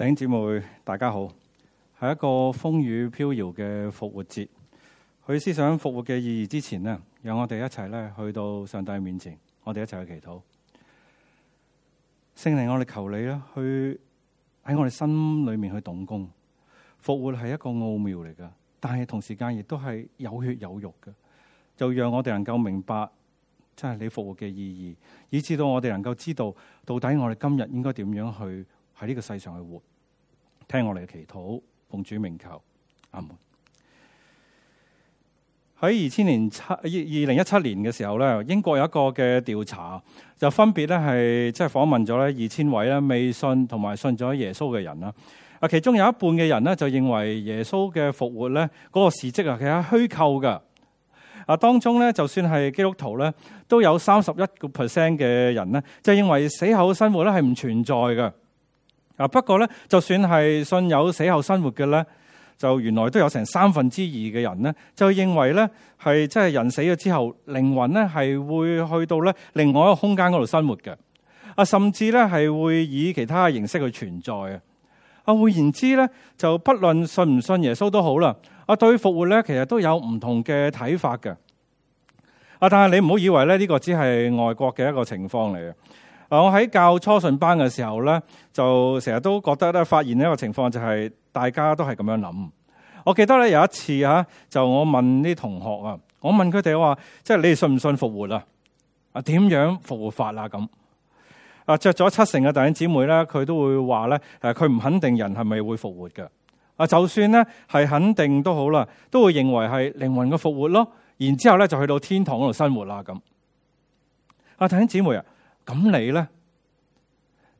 弟兄姐妹，大家好。喺一個風雨飄搖嘅復活節，去思想復活嘅意義之前呢，讓我哋一齊咧去到上帝面前，我哋一齊去祈禱。聖靈，我哋求你去喺我哋心裏面去動工。復活係一個奧妙嚟噶，但係同時間亦都係有血有肉噶。就讓我哋能夠明白，即係你復活嘅意義，以至到我哋能夠知道到底我哋今日應該點樣去喺呢個世上去活。聽我哋嘅祈禱，奉主名求，阿門。喺二千年七二二零一七年嘅時候咧，英國有一個嘅調查，就分別咧係即係訪問咗咧二千位咧未信同埋信咗耶穌嘅人啦。啊，其中有一半嘅人咧就認為耶穌嘅復活咧嗰個事蹟啊，其實虛構噶。啊，當中咧就算係基督徒咧，都有三十一個 percent 嘅人咧，就認為死後生活咧係唔存在噶。嗱，不過咧，就算係信有死後生活嘅咧，就原來都有成三分之二嘅人咧，就認為咧係即係人死咗之後，靈魂咧係會去到咧另外一個空間嗰度生活嘅。啊，甚至咧係會以其他形式去存在嘅。啊，換言之咧，就不論信唔信耶穌都好啦，啊，對復活咧其實都有唔同嘅睇法嘅。啊，但係你唔好以為咧呢個只係外國嘅一個情況嚟嘅。嗱，我喺教初信班嘅時候咧，就成日都覺得咧，發現一個情況就係大家都係咁樣諗。我記得咧有一次啊，就我問啲同學啊，我問佢哋話，即係你哋信唔信復活啊？啊，點樣復活法啊？咁啊，着咗七成嘅弟兄姊妹咧，佢都會話咧，誒，佢唔肯定人係咪會復活嘅？啊，就算咧係肯定都好啦，都會認為係靈魂嘅復活咯。然之後咧就去到天堂度生活啦。咁啊，弟兄姊妹啊。咁你呢？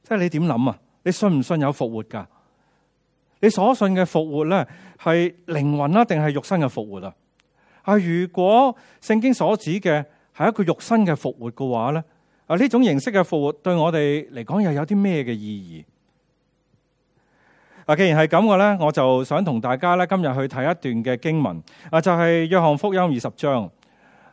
即係你點諗啊？你信唔信有復活噶？你所信嘅復活呢，係靈魂啦，定係肉身嘅復活啊？啊，如果聖經所指嘅係一個肉身嘅復活嘅話呢，啊呢種形式嘅復活對我哋嚟講又有啲咩嘅意義？啊，既然係咁嘅呢，我就想同大家今日去睇一段嘅經文，啊就係約翰福音二十章。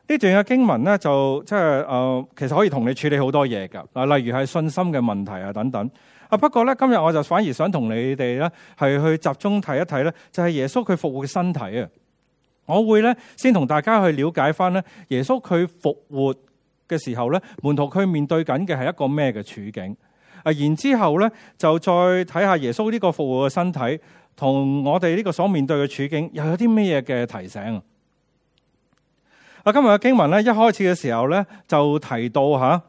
呢段嘅經文咧，就即係誒，其實可以同你處理好多嘢噶，啊，例如係信心嘅問題啊等等。啊，不過咧今日我就反而想同你哋咧係去集中睇一睇咧，就係耶穌佢復活嘅身體啊。我會咧先同大家去了解翻咧，耶穌佢復活嘅時候咧，門徒佢面對緊嘅係一個咩嘅處境啊？然之後咧就再睇下耶穌呢個復活嘅身體，同我哋呢個所面對嘅處境，又有啲咩嘢嘅提醒。今日嘅經文咧，一開始嘅時候咧，就提到吓，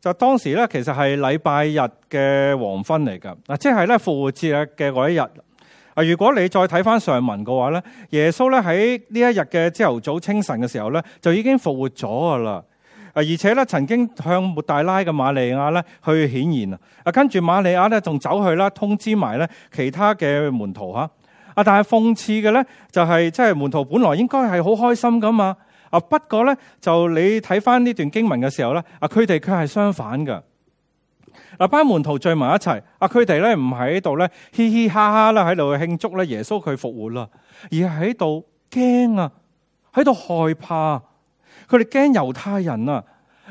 就當時咧，其實係禮拜日嘅黃昏嚟噶，嗱，即係咧復活節嘅嗰一日。啊，如果你再睇翻上文嘅話咧，耶穌咧喺呢一日嘅朝頭早清晨嘅時候咧，就已經復活咗噶啦。啊，而且咧，曾經向抹大拉嘅瑪利亞咧去顯現啊，跟住瑪利亞咧仲走去啦通知埋咧其他嘅門徒吓。啊！但係諷刺嘅咧，就係即係門徒本來應該係好開心噶嘛。啊，不過咧，就你睇翻呢段經文嘅時候咧，啊，佢哋佢係相反噶。嗱，班門徒聚埋一齊，啊，佢哋咧唔喺度咧，嘻嘻哈哈啦喺度慶祝咧耶穌佢復活啦，而喺度驚啊，喺度害怕，佢哋驚猶太人啊，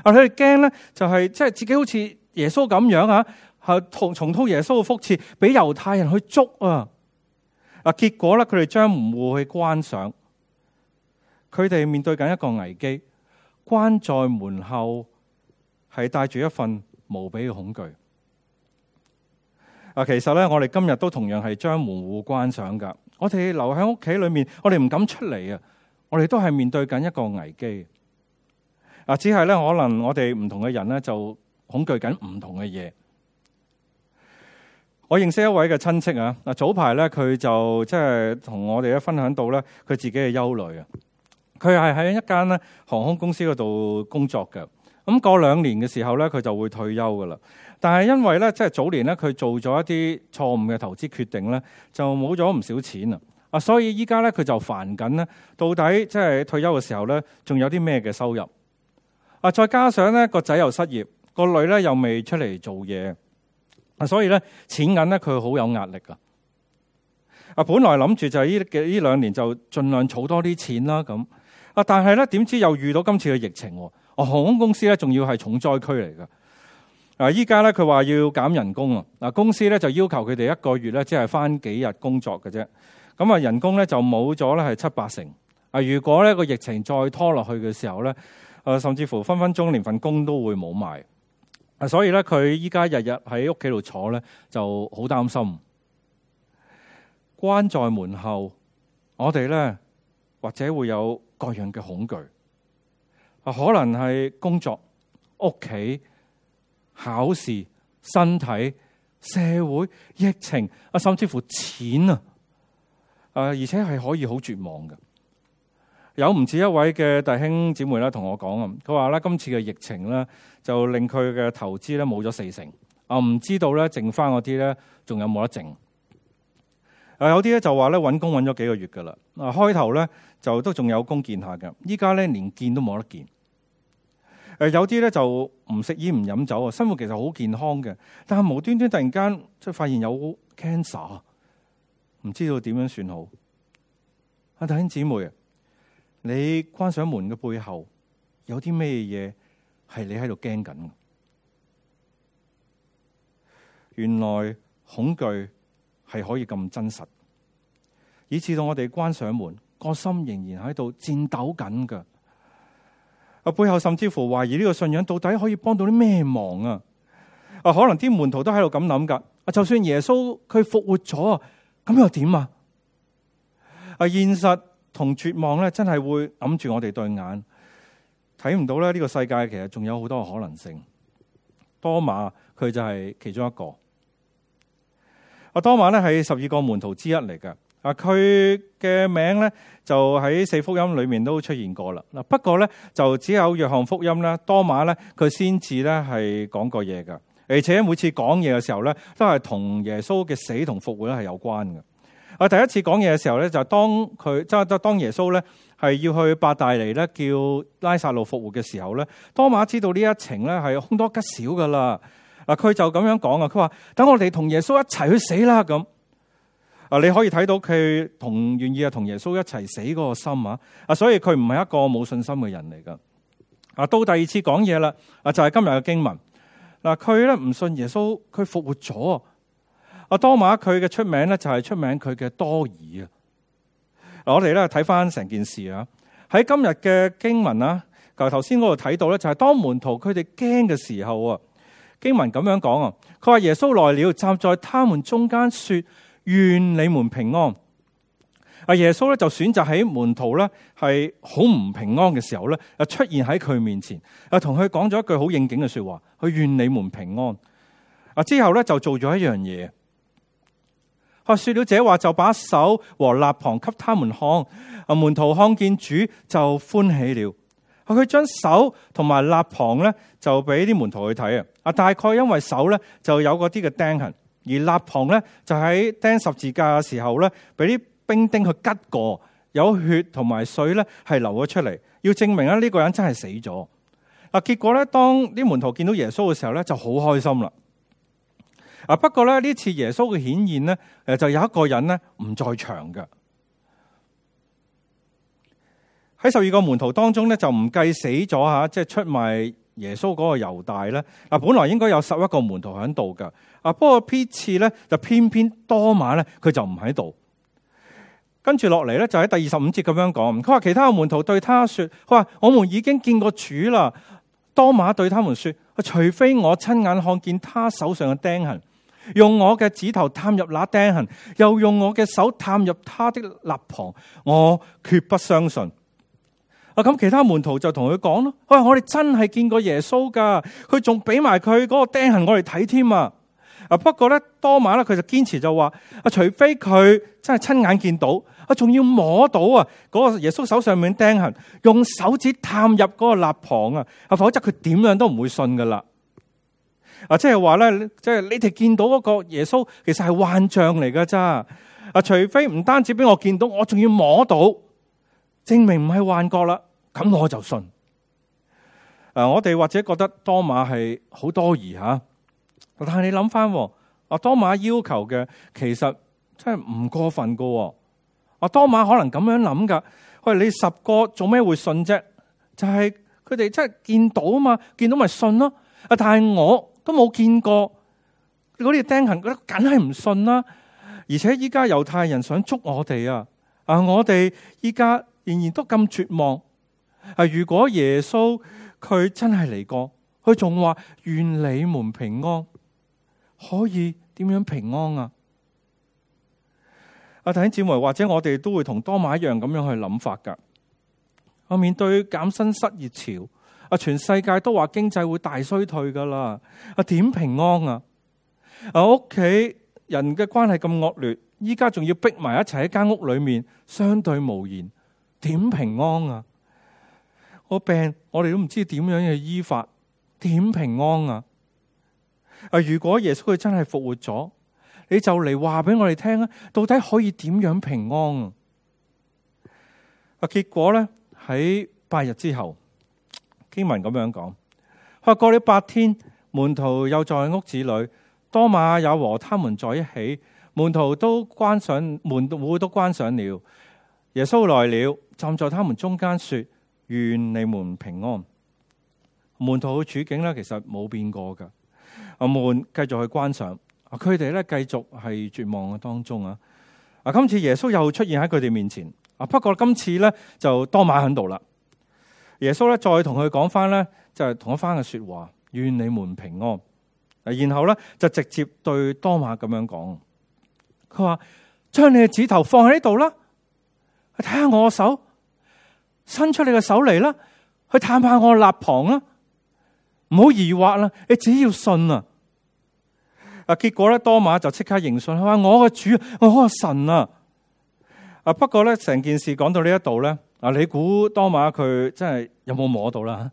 啊佢哋驚咧就係即係自己好似耶穌咁樣啊，係同重蹈耶穌嘅覆轍俾猶太人去捉啊。嗱，結果咧，佢哋將門戶去關上。佢哋面對緊一個危機，關在門後，係帶住一份無比嘅恐懼。嗱，其實咧，我哋今日都同樣係將門戶關上噶。我哋留喺屋企裏面，我哋唔敢出嚟啊！我哋都係面對緊一個危機。嗱，只係咧，可能我哋唔同嘅人咧，就恐懼緊唔同嘅嘢。我認識一位嘅親戚啊！啊，早排咧，佢就即係同我哋咧，分享到咧，佢自己嘅憂慮啊！佢係喺一間咧航空公司嗰度工作嘅。咁過兩年嘅時候咧，佢就會退休㗎喇。但係因為咧，即係早年咧，佢做咗一啲錯誤嘅投資決定咧，就冇咗唔少錢啊！啊，所以依家咧，佢就煩緊咧，到底即係退休嘅時候咧，仲有啲咩嘅收入啊？再加上咧，個仔又失業，個女咧又未出嚟做嘢。啊，所以咧，錢銀咧，佢好有壓力噶。啊，本來諗住就呢依兩年就盡量儲多啲錢啦，咁啊，但係咧，點知又遇到今次嘅疫情喎。啊，航空公司咧，仲要係重災區嚟噶。啊，依家咧，佢話要減人工啊。公司咧就要求佢哋一個月咧，即係翻幾日工作嘅啫。咁啊，人工咧就冇咗咧，係七八成。啊，如果咧個疫情再拖落去嘅時候咧，啊，甚至乎分分鐘連份工都會冇埋。啊，所以咧，佢依家日日喺屋企度坐咧，就好擔心，關在門後，我哋咧或者會有各樣嘅恐懼啊，可能係工作、屋企、考試、身體、社會、疫情啊，甚至乎錢啊，啊，而且係可以好絕望嘅。有唔止一位嘅弟兄姊妹咧，同我講啊，佢話咧今次嘅疫情咧，就令佢嘅投資咧冇咗四成啊。唔知道咧剩翻嗰啲咧，仲有冇得剩。有啲咧就話咧揾工揾咗幾個月噶啦啊，開頭咧就都仲有工見下嘅，依家咧連見都冇得見。誒有啲咧就唔食煙唔飲酒啊，生活其實好健康嘅，但係無端端突然間即係發現有 cancer，唔知道點樣算好啊？弟兄姊妹啊！你關上門嘅背後有啲咩嘢係你喺度驚緊？原來恐懼係可以咁真實，以至到我哋關上門，個心仍然喺度顫抖緊㗎。啊，背後甚至乎懷疑呢個信仰到底可以幫到啲咩忙啊？啊，可能啲門徒都喺度咁諗噶。啊，就算耶穌佢復活咗，咁又點啊？啊，現實。同絕望咧，真係會揞住我哋對眼，睇唔到咧呢個世界其實仲有好多可能性。多馬佢就係其中一個。啊，多馬咧係十二個門徒之一嚟嘅。啊，佢嘅名呢，就喺四福音裏面都出現過啦。嗱，不過呢，就只有約翰福音啦，多馬呢，佢先至咧係講過嘢噶。而且每次講嘢嘅時候呢，都係同耶穌嘅死同復活咧係有關嘅。第一次講嘢嘅時候咧，就當佢即係當耶穌咧係要去伯大尼咧叫拉撒路復活嘅時候咧，多馬知道呢一程咧係凶多吉少噶啦。啊，佢就咁樣講啊，佢話，等我哋同耶穌一齊去死啦咁。啊，你可以睇到佢同願意啊同耶穌一齊死嗰個心啊。啊，所以佢唔係一個冇信心嘅人嚟噶。啊，到第二次講嘢啦，啊就係今日嘅經文。嗱，佢咧唔信耶穌，佢復活咗。阿多馬佢嘅出名咧，就係出名佢嘅多疑啊！我哋咧睇翻成件事啊，喺今日嘅經文啊，嗱頭先嗰度睇到咧，就係當門徒佢哋驚嘅時候啊，經文咁樣講啊，佢話耶穌來了，站在他們中間說，願你們平安。啊耶穌咧就選擇喺門徒咧係好唔平安嘅時候咧，啊出現喺佢面前，啊同佢講咗一句好應景嘅說話，佢願你們平安。啊之後咧就做咗一樣嘢。佢說了這話，就把手和肋旁給他們看。啊，門徒看見主就歡喜了。佢將手同埋肋旁咧就俾啲門徒去睇啊！啊，大概因為手咧就有嗰啲嘅釘痕，而肋旁咧就喺釘十字架嘅時候咧俾啲兵丁去拮過，有血同埋水咧係流咗出嚟，要證明呢個人真係死咗。嗱，結果咧，當啲門徒見到耶穌嘅時候咧，就好開心啦。啊！不過咧，呢次耶穌嘅顯現咧，誒就有一個人咧唔在場嘅。喺十二個門徒當中咧，就唔計死咗吓，即係出賣耶穌嗰個猶大咧。嗱，本來應該有十一個門徒喺度噶。啊，不過批次咧就偏偏多馬咧佢就唔喺度。跟住落嚟咧就喺第二十五節咁樣講，佢話其他嘅門徒對他說：，佢話我們已經見過主啦。多馬對他們說：，除非我親眼看見他手上嘅釘痕。用我嘅指頭探入那釘痕，又用我嘅手探入他的肋旁，我絕不相信。啊，咁其他門徒就同佢講咯，喂，我哋真係見過耶穌噶，佢仲俾埋佢嗰個釘痕我哋睇添啊。啊，不過咧多馬咧，佢就堅持就話啊，除非佢真係親眼見到，啊，仲要摸到啊，嗰個耶穌手上面釘痕，用手指探入嗰個肋旁啊，否則佢點樣都唔會信噶啦。啊，即係話咧，即係你哋見到嗰個耶穌，其實係幻象嚟噶咋？啊，除非唔單止俾我見到，我仲要摸到，證明唔係幻覺啦，咁我就信。啊，我哋或者覺得多馬係好多疑吓，但係你諗翻，啊，多馬要求嘅其實真係唔過分噶。啊，多馬可能咁樣諗噶，喂，你十個做咩會信啫？就係佢哋真係見到嘛，見到咪信咯。啊，但係我都冇見過嗰啲釘痕，覺得梗係唔信啦。而且依家猶太人想捉我哋啊！啊，我哋依家仍然都咁絕望。啊，如果耶穌佢真係嚟過，佢仲話，願你們平安。可以點樣平安啊？阿、啊、弟兄姊妹，或者我哋都會同多馬一樣咁樣去諗法㗎。我面對減薪失業潮。啊！全世界都話經濟會大衰退噶啦，啊點平安啊？啊屋企人嘅關係咁惡劣，依家仲要逼埋一齊喺間屋裏面相對無言，點平安啊？我病我哋都唔知點樣去醫法，點平安啊？啊！如果耶穌佢真係復活咗，你就嚟話俾我哋聽啊，到底可以點樣平安啊？結果咧喺八日之後。經文咁樣講，話過了八天，門徒又在屋子裏，多馬也和他們在一起，門徒都關上門，門戶都關上了。耶穌來了，站在他們中間說：願你們平安。門徒嘅處境咧，其實冇變過噶，啊門繼續去關上，佢哋咧繼續係絕望嘅當中啊。啊，今次耶穌又出現喺佢哋面前啊，不過今次咧就多馬喺度啦。耶穌咧再同佢講翻咧，就係同一番嘅說話，願你們平安。然後咧就直接對多瑪咁樣講，佢話，將你嘅指頭放喺呢度啦，去睇下我手，伸出你嘅手嚟啦，去探下我肋旁啦，唔好疑惑啦，你只要信啊。啊，結果咧多瑪就即刻認信，話，我嘅主，我個神啊。啊，不過咧成件事講到呢一度咧。嗱，你估多馬佢真係有冇摸到啦？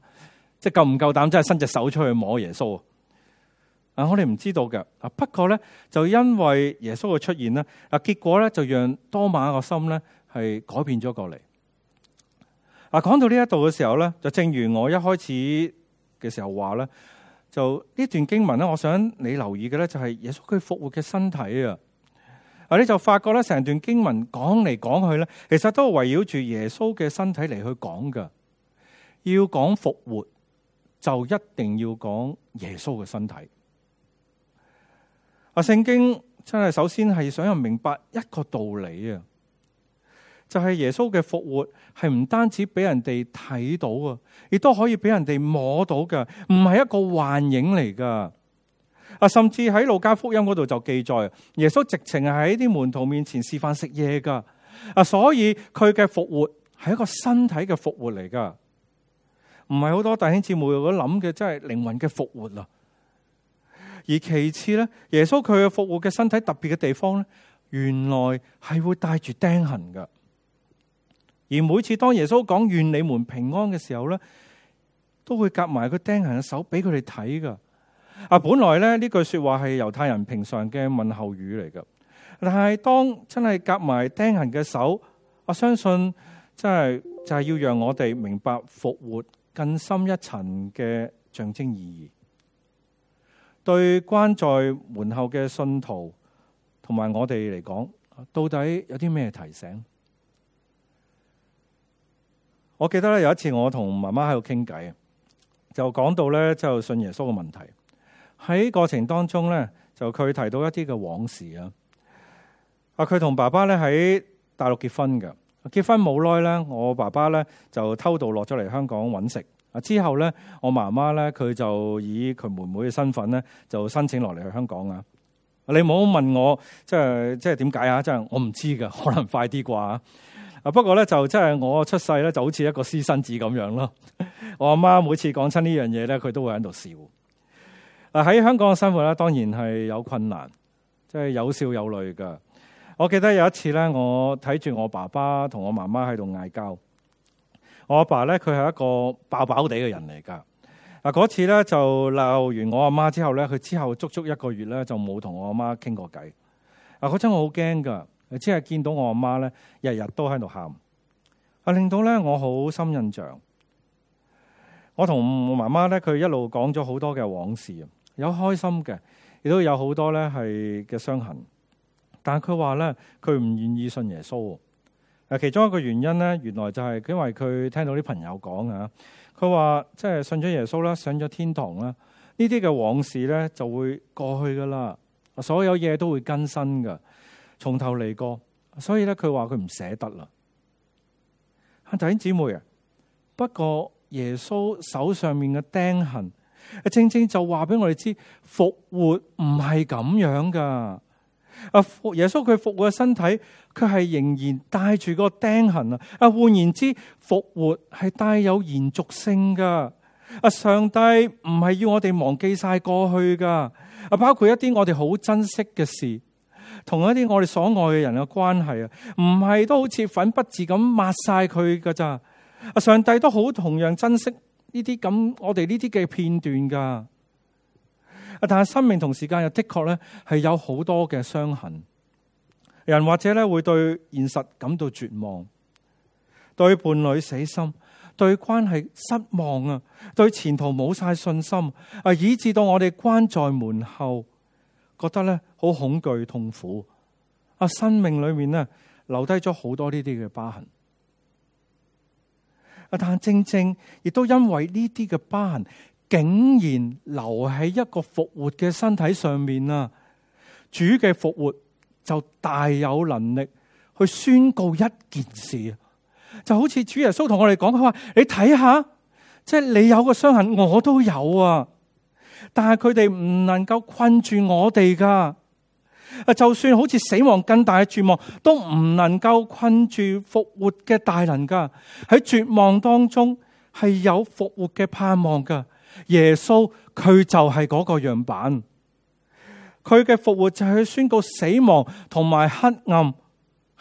即係夠唔夠膽，真係伸隻手出去摸耶穌啊？我哋唔知道嘅。啊，不過咧就因為耶穌嘅出現咧，結果咧就讓多馬個心咧係改變咗過嚟。啊，講到呢一度嘅時候咧，就正如我一開始嘅時候話咧，就呢段經文咧，我想你留意嘅咧就係耶穌佢復活嘅身體啊。你就發覺咧，成段經文講嚟講去咧，其實都係圍繞住耶穌嘅身體嚟去講嘅。要講復活，就一定要講耶穌嘅身體。啊，聖經真係首先係想人明白一個道理啊，就係、是、耶穌嘅復活係唔單止俾人哋睇到啊，亦都可以俾人哋摸到嘅，唔係一個幻影嚟噶。啊，甚至喺路加福音嗰度就記載，耶穌直情係喺啲門徒面前示範食嘢噶。啊，所以佢嘅復活係一個身體嘅復活嚟噶，唔係好多弟兄姊妹會諗嘅，即係靈魂嘅復活啦。而其次咧，耶穌佢嘅復活嘅身體特別嘅地方咧，原來係會帶住釘痕噶。而每次當耶穌講願你們平安嘅時候咧，都會夾埋個釘痕嘅手俾佢哋睇噶。啊，本來咧，呢句說話係猶太人平常嘅問候語嚟㗎。但係當真係夾埋釘痕嘅手，我相信真係就係要讓我哋明白復活更深一層嘅象徵意義。對關在門後嘅信徒同埋我哋嚟講，到底有啲咩提醒？我記得咧，有一次我同媽媽喺度傾偈，就講到咧就信耶穌嘅問題。喺過程當中咧，就佢提到一啲嘅往事啊。啊，佢同爸爸咧喺大陸結婚嘅，結婚冇耐咧，我爸爸咧就偷渡落咗嚟香港揾食。啊，之後咧，我媽媽咧佢就以佢妹妹嘅身份咧就申請落嚟喺香港啊。你唔好問我，即係即係點解啊？即係我唔知噶，可能快啲啩。啊不過咧就即係我出世咧就好似一個私生子咁樣咯。我阿媽每次講親呢樣嘢咧，佢都會喺度笑。喺香港嘅生活咧，當然係有困難，即係有笑有淚㗎。我記得有一次咧，我睇住我爸爸同我媽媽喺度嗌交。我阿爸咧，佢係一個爆爆地嘅人嚟㗎。嗱，嗰次咧就鬧完我阿媽之後咧，佢之後足足一個月咧就冇同我阿媽傾過偈。嗱，嗰陣我好驚㗎，即係見到我阿媽咧日日都喺度喊，啊令到咧我好深印象。我同我媽媽咧，佢一路講咗好多嘅往事。有開心嘅，亦都有好多咧係嘅傷痕。但係佢話咧，佢唔願意信耶穌。誒，其中一個原因咧，原來就係因為佢聽到啲朋友講啊。佢話即係信咗耶穌啦，上咗天堂啦，呢啲嘅往事咧就會過去噶啦，所有嘢都會更新噶，從頭嚟過。所以咧，佢話佢唔捨得啦。弟兄姊妹啊，不過耶穌手上面嘅釘痕。正正就話俾我哋知復活唔係咁樣噶啊耶穌佢復活嘅身體佢係仍然帶住個釘痕啊！啊換言之復活係帶有延續性噶啊上帝唔係要我哋忘記晒過去噶啊包括一啲我哋好珍惜嘅事，同一啲我哋所愛嘅人嘅關係啊，唔係都好似粉筆字咁抹晒佢噶咋？啊上帝都好同樣珍惜。呢啲咁，我哋呢啲嘅片段噶，啊，但係生命同時間又的確咧，係有好多嘅傷痕。人或者咧會對現實感到絕望，對伴侶死心，對關係失望啊，對前途冇晒信心啊，以至到我哋關在門後，覺得咧好恐懼、痛苦。啊，生命裏面咧留低咗好多呢啲嘅疤痕。但正正亦都因為呢啲嘅疤痕，竟然留喺一個復活嘅身體上面啊！主嘅復活就大有能力去宣告一件事，就好似主耶穌同我哋講，佢話你睇下，即係你有個傷痕，我都有啊！但係佢哋唔能夠困住我哋噶。啊！就算好似死亡更大嘅絕望，都唔能夠困住復活嘅大能噶。喺絕望當中，係有復活嘅盼望噶。耶穌佢就係嗰個樣板，佢嘅復活就係去宣告死亡同埋黑暗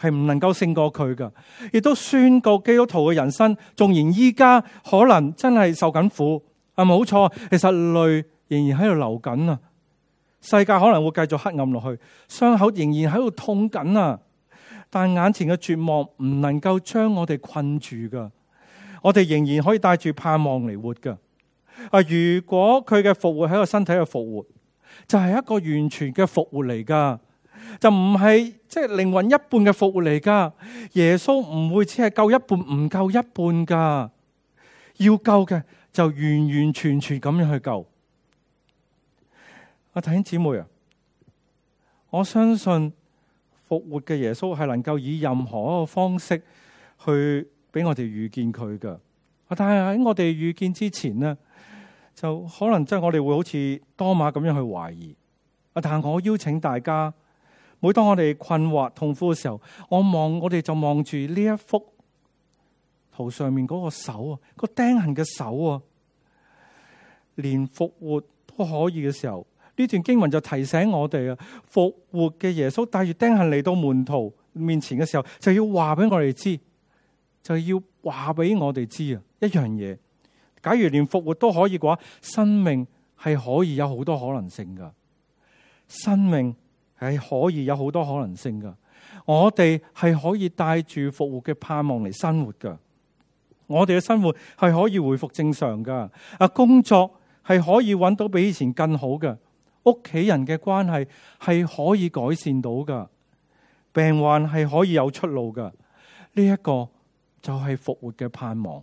係唔能夠勝過佢噶，亦都宣告基督徒嘅人生。縱然依家可能真係受緊苦，啊冇錯，其實淚仍然喺度流緊啊。世界可能會繼續黑暗落去，傷口仍然喺度痛緊啊！但眼前嘅絕望唔能夠將我哋困住噶，我哋仍然可以帶住盼望嚟活噶。啊，如果佢嘅復活喺個身體嘅復活，就係、是、一個完全嘅復活嚟噶，就唔係即係靈魂一半嘅復活嚟噶。耶穌唔會只係救一半，唔救一半噶，要救嘅就完完全全咁樣去救。弟兄姊妹啊，我相信復活嘅耶穌係能夠以任何一個方式去俾我哋遇見佢噶。但係喺我哋遇見之前呢，就可能即係我哋會好似多馬咁樣去懷疑。但係我邀請大家，每當我哋困惑、痛苦嘅時候，我望我哋就望住呢一幅圖上面嗰個手啊，嗰個釘痕嘅手啊，連復活都可以嘅時候。呢段經文就提醒我哋啊，復活嘅耶穌帶住釘痕嚟到門徒面前嘅時候，就要話俾我哋知，就要話俾我哋知啊，一樣嘢。假如連復活都可以嘅話，生命係可以有好多可能性噶。生命係可以有好多可能性噶。我哋係可以帶住復活嘅盼望嚟生活噶。我哋嘅生活係可以回復正常噶。啊，工作係可以揾到比以前更好嘅。屋企人嘅關係係可以改善到噶，病患係可以有出路噶。呢一個就係復活嘅盼望，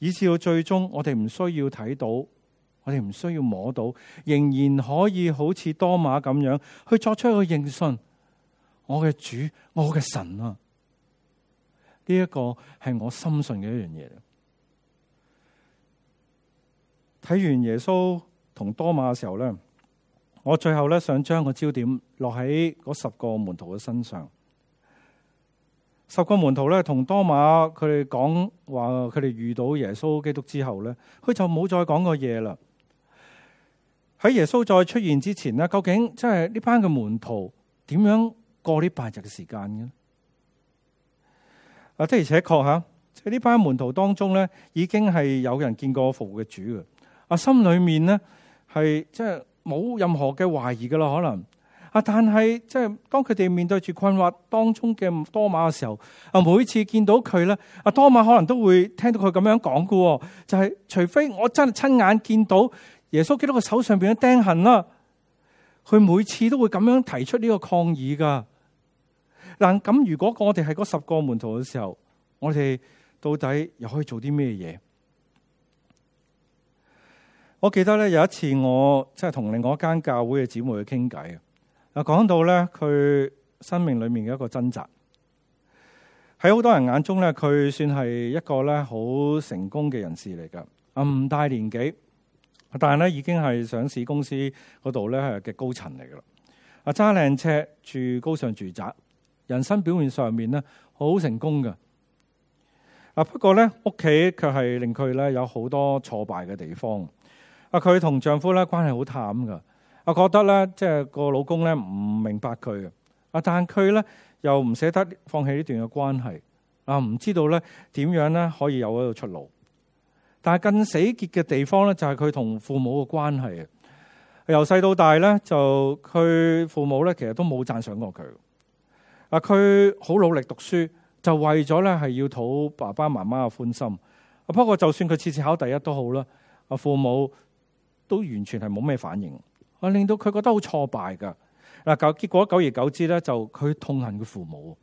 以至到最終我哋唔需要睇到，我哋唔需要摸到，仍然可以好似多馬咁樣去作出一個認信。我嘅主，我嘅神啊！呢一個係我深信嘅一樣嘢。睇完耶穌。同多馬嘅時候咧，我最後咧想將個焦點落喺嗰十個門徒嘅身上。十個門徒咧，同多馬佢哋講話，佢哋遇到耶穌基督之後咧，佢就冇再講過嘢啦。喺耶穌再出現之前呢，究竟即係呢班嘅門徒點樣過呢八日嘅時間嘅啊？的而且確吓，即係呢班門徒當中咧，已經係有人見過復活嘅主嘅。啊，心裏面咧。係即係冇任何嘅懷疑噶啦，可能啊，但係即係當佢哋面對住困惑當中嘅多馬嘅時候，啊，每次見到佢咧，啊，多馬可能都會聽到佢咁樣講嘅，就係，除非我真係親眼見到耶穌基督嘅手上邊嘅釘痕啦，佢每次都會咁樣提出呢個抗議噶。嗱，咁如果我哋係嗰十個門徒嘅時候，我哋到底又可以做啲咩嘢？我記得咧有一次，我即係同另外一間教會嘅姊妹去傾偈啊。講到咧佢生命裏面嘅一個掙扎，喺好多人眼中咧，佢算係一個咧好成功嘅人士嚟噶。唔大年紀，但係咧已經係上市公司嗰度咧嘅高層嚟噶啦。揸靚車，住高尚住宅，人生表面上面咧好成功噶啊。不過咧屋企卻係令佢咧有好多挫敗嘅地方。佢同丈夫咧關係好淡噶，我覺得咧即係個老公咧唔明白佢，啊但佢咧又唔捨得放棄呢段嘅關係，啊唔知道咧點樣咧可以有一個出路。但係更死結嘅地方咧就係佢同父母嘅關係，由細到大咧就佢父母咧其實都冇讚賞過佢，啊佢好努力讀書就為咗咧係要討爸爸媽媽嘅歡心，啊不過就算佢次次考第一都好啦，啊父母。都完全係冇咩反應，啊，令到佢覺得好挫敗噶嗱。結結果久而久之咧，就佢痛恨佢父母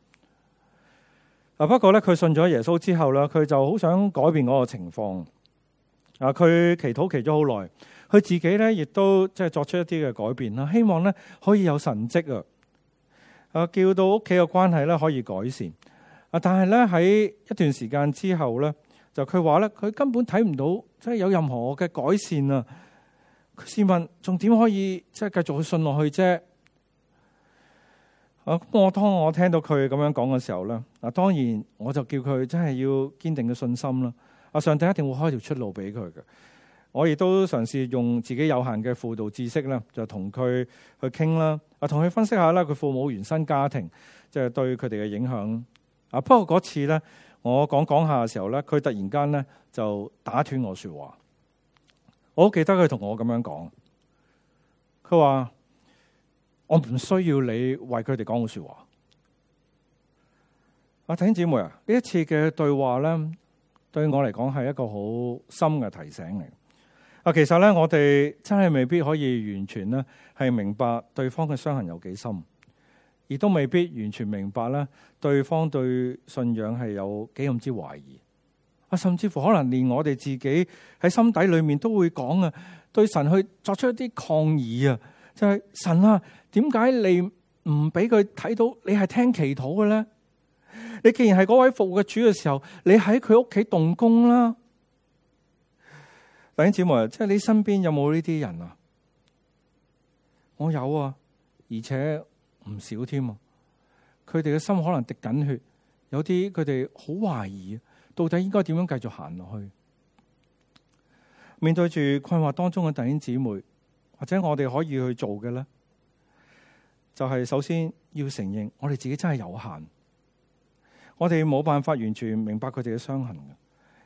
嗱。不過咧，佢信咗耶穌之後咧，佢就好想改變嗰個情況啊。佢祈禱祈咗好耐，佢自己咧亦都即係作出一啲嘅改變啦，希望咧可以有神蹟啊啊，叫到屋企嘅關係咧可以改善啊。但係咧喺一段時間之後咧，就佢話咧佢根本睇唔到即係有任何嘅改善啊。試問仲點可以即係繼續去信落去啫？啊！我當我聽到佢咁樣講嘅時候咧，嗱，當然我就叫佢真係要堅定嘅信心啦。啊，上帝一定會開條出路俾佢嘅。我亦都嘗試用自己有限嘅輔導知識咧，就同佢去傾啦。啊，同佢分析下啦，佢父母原生家庭即係對佢哋嘅影響。啊，不過嗰次咧，我講講下嘅時候咧，佢突然間咧就打斷我說話。我好記得佢同我咁樣講，佢話，我唔需要你為佢哋講好說話。阿弟兄姊妹啊，呢一次嘅對話咧，對我嚟講係一個好深嘅提醒嚟。啊，其實咧，我哋真係未必可以完全咧係明白對方嘅傷痕有幾深，亦都未必完全明白咧對方對信仰係有幾咁之懷疑。甚至乎可能連我哋自己喺心底裏面都會講啊，對神去作出一啲抗議啊，就係、是、神啊，點解你唔俾佢睇到？你係聽祈禱嘅咧？你既然係嗰位服務嘅主嘅時候，你喺佢屋企動工啦。弟兄姊妹，即係你身邊有冇呢啲人啊？我有啊，而且唔少添啊。佢哋嘅心可能滴緊血，有啲佢哋好懷疑。到底應該點樣繼續行落去？面對住困惑當中嘅弟兄姊妹，或者我哋可以去做嘅咧，就係、是、首先要承認我哋自己真係有限，我哋冇辦法完全明白佢哋嘅傷痕，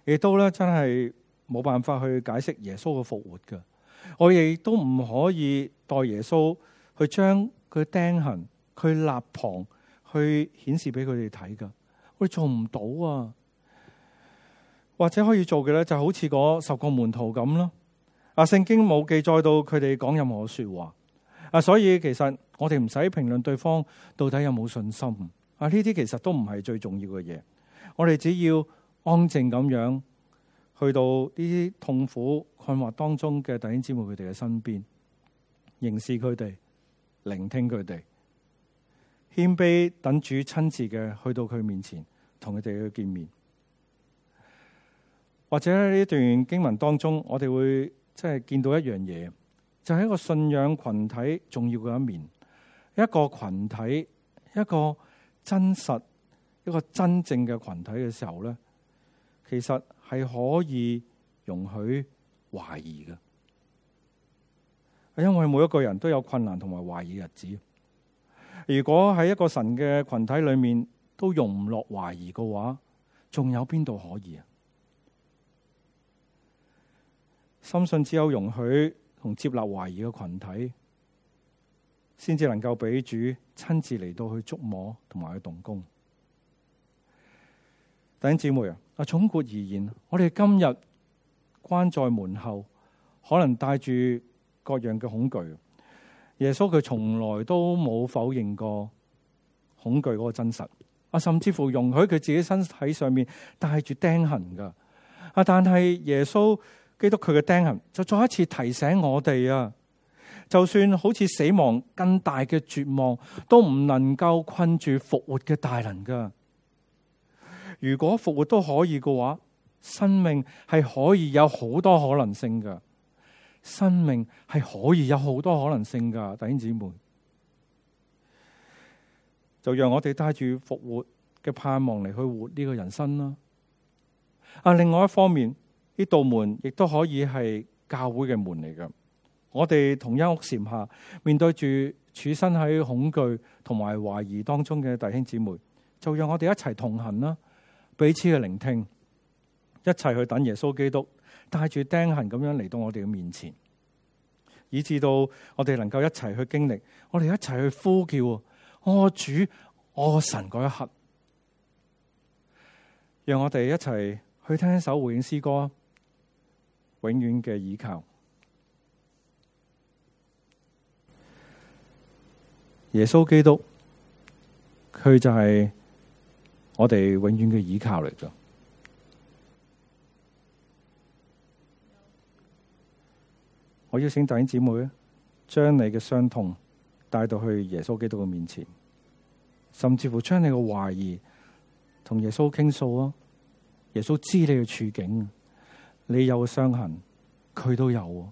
亦都咧真係冇辦法去解釋耶穌嘅復活嘅。我亦都唔可以代耶穌去將佢釘痕、佢肋旁去顯示俾佢哋睇噶，我哋做唔到啊！或者可以做嘅咧，就是好似嗰十個門徒咁咯。啊，聖經冇記載到佢哋講任何說話。啊，所以其實我哋唔使評論對方到底有冇信心。啊，呢啲其實都唔係最重要嘅嘢。我哋只要安靜咁樣去到呢啲痛苦困惑當中嘅弟兄姊妹佢哋嘅身邊，凝視佢哋，聆聽佢哋，謙卑等主親自嘅去到佢面前，同佢哋去見面。或者呢段經文當中，我哋會即係見到一樣嘢，就係、是、一個信仰群體重要嘅一面。一個群體，一個真實、一個真正嘅群體嘅時候咧，其實係可以容許懷疑嘅，因為每一個人都有困難同埋懷疑嘅日子。如果喺一個神嘅群體裏面都容唔落懷疑嘅話，仲有邊度可以啊？深信只有容許同接納懷疑嘅群體，先至能夠俾主親自嚟到去觸摸同埋去動工。弟兄姊妹啊，啊，總括而言，我哋今日關在門後，可能帶住各樣嘅恐懼。耶穌佢從來都冇否認過恐懼嗰個真實啊，甚至乎容許佢自己身體上面帶住釘痕噶啊，但係耶穌。基督佢嘅釘痕就再一次提醒我哋啊，就算好似死亡更大嘅絕望，都唔能夠困住復活嘅大能噶。如果復活都可以嘅話，生命係可以有好多可能性噶。生命係可以有好多可能性噶，弟兄姊妹，就讓我哋帶住復活嘅盼望嚟，去活呢個人生啦。啊，另外一方面。呢道門亦都可以係教會嘅門嚟嘅。我哋同一屋檐下，面對住處身喺恐懼同埋懷疑當中嘅弟兄姊妹，就讓我哋一齊同行啦，彼此嘅聆聽，一齊去等耶穌基督帶住釘痕咁樣嚟到我哋嘅面前，以至到我哋能夠一齊去經歷，我哋一齊去呼叫，我主，我神嗰一刻，讓我哋一齊去聽一首回應詩歌永遠嘅依靠，耶穌基督，佢就係我哋永遠嘅依靠嚟嘅。我邀請弟兄姊妹咧，將你嘅傷痛帶到去耶穌基督嘅面前，甚至乎將你嘅懷疑同耶穌傾訴啊！耶穌知你嘅處境。你有嘅傷痕，佢都有。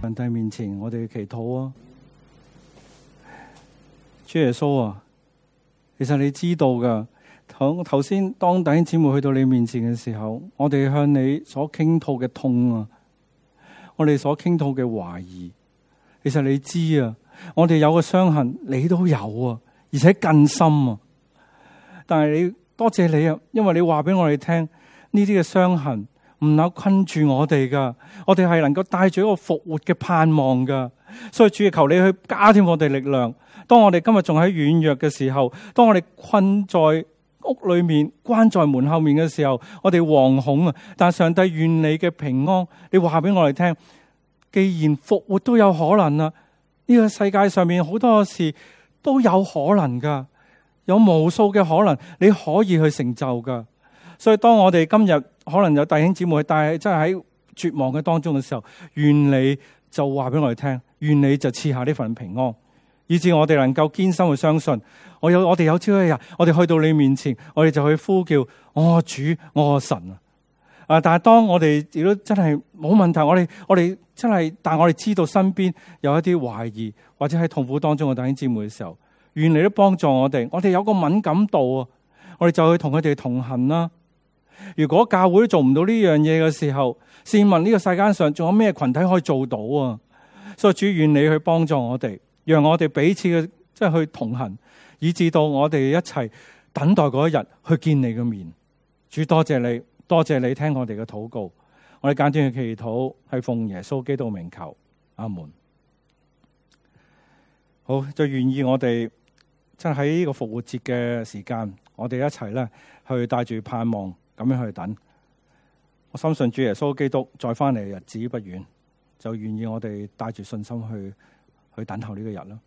上帝面前，我哋祈禱啊！主耶穌啊，其實你知道噶，響頭先，當弟兄姊妹去到你面前嘅時候，我哋向你所傾吐嘅痛啊，我哋所傾吐嘅懷疑，其實你知啊，我哋有個傷痕，你都有啊，而且更深啊。但係你多謝你啊，因為你話俾我哋聽，呢啲嘅傷痕。唔能困住我哋噶，我哋係能夠帶住一個復活嘅盼望噶，所以主，求你去加添我哋力量。當我哋今日仲喺軟弱嘅時候，當我哋困在屋裏面、關在門後面嘅時候，我哋惶恐啊！但上帝願你嘅平安，你話俾我哋聽，既然復活都有可能呀，呢、這個世界上面好多事都有可能噶，有無數嘅可能，你可以去成就噶。所以當我哋今日可能有弟兄姊妹，但係真係喺絕望嘅當中嘅時候，願你就話俾我哋聽，願你就賜下呢份平安，以至我哋能夠堅心去相信，我有我哋有朝一日，我哋去到你面前，我哋就去呼叫我主我神啊！啊！但係當我哋如果真係冇問題，我哋我哋真係，但係我哋知道身邊有一啲懷疑或者喺痛苦當中嘅弟兄姊妹嘅時候，願你都幫助我哋，我哋有個敏感度啊，我哋就去同佢哋同行啦。如果教會做唔到呢樣嘢嘅時候，試問呢個世間上仲有咩群體可以做到啊？所以主願你去幫助我哋，讓我哋彼此嘅，即係去同行，以至到我哋一齊等待嗰一日去見你嘅面。主多謝你，多謝你聽我哋嘅禱告。我哋簡短嘅祈禱係奉耶穌基督名求，阿門。好，就願意我哋即係喺呢個復活節嘅時間，我哋一齊咧去帶住盼望。咁樣去等，我相信主耶穌基督再返嚟嘅日子不遠，就願意我哋帶住信心去去等候呢個日咯。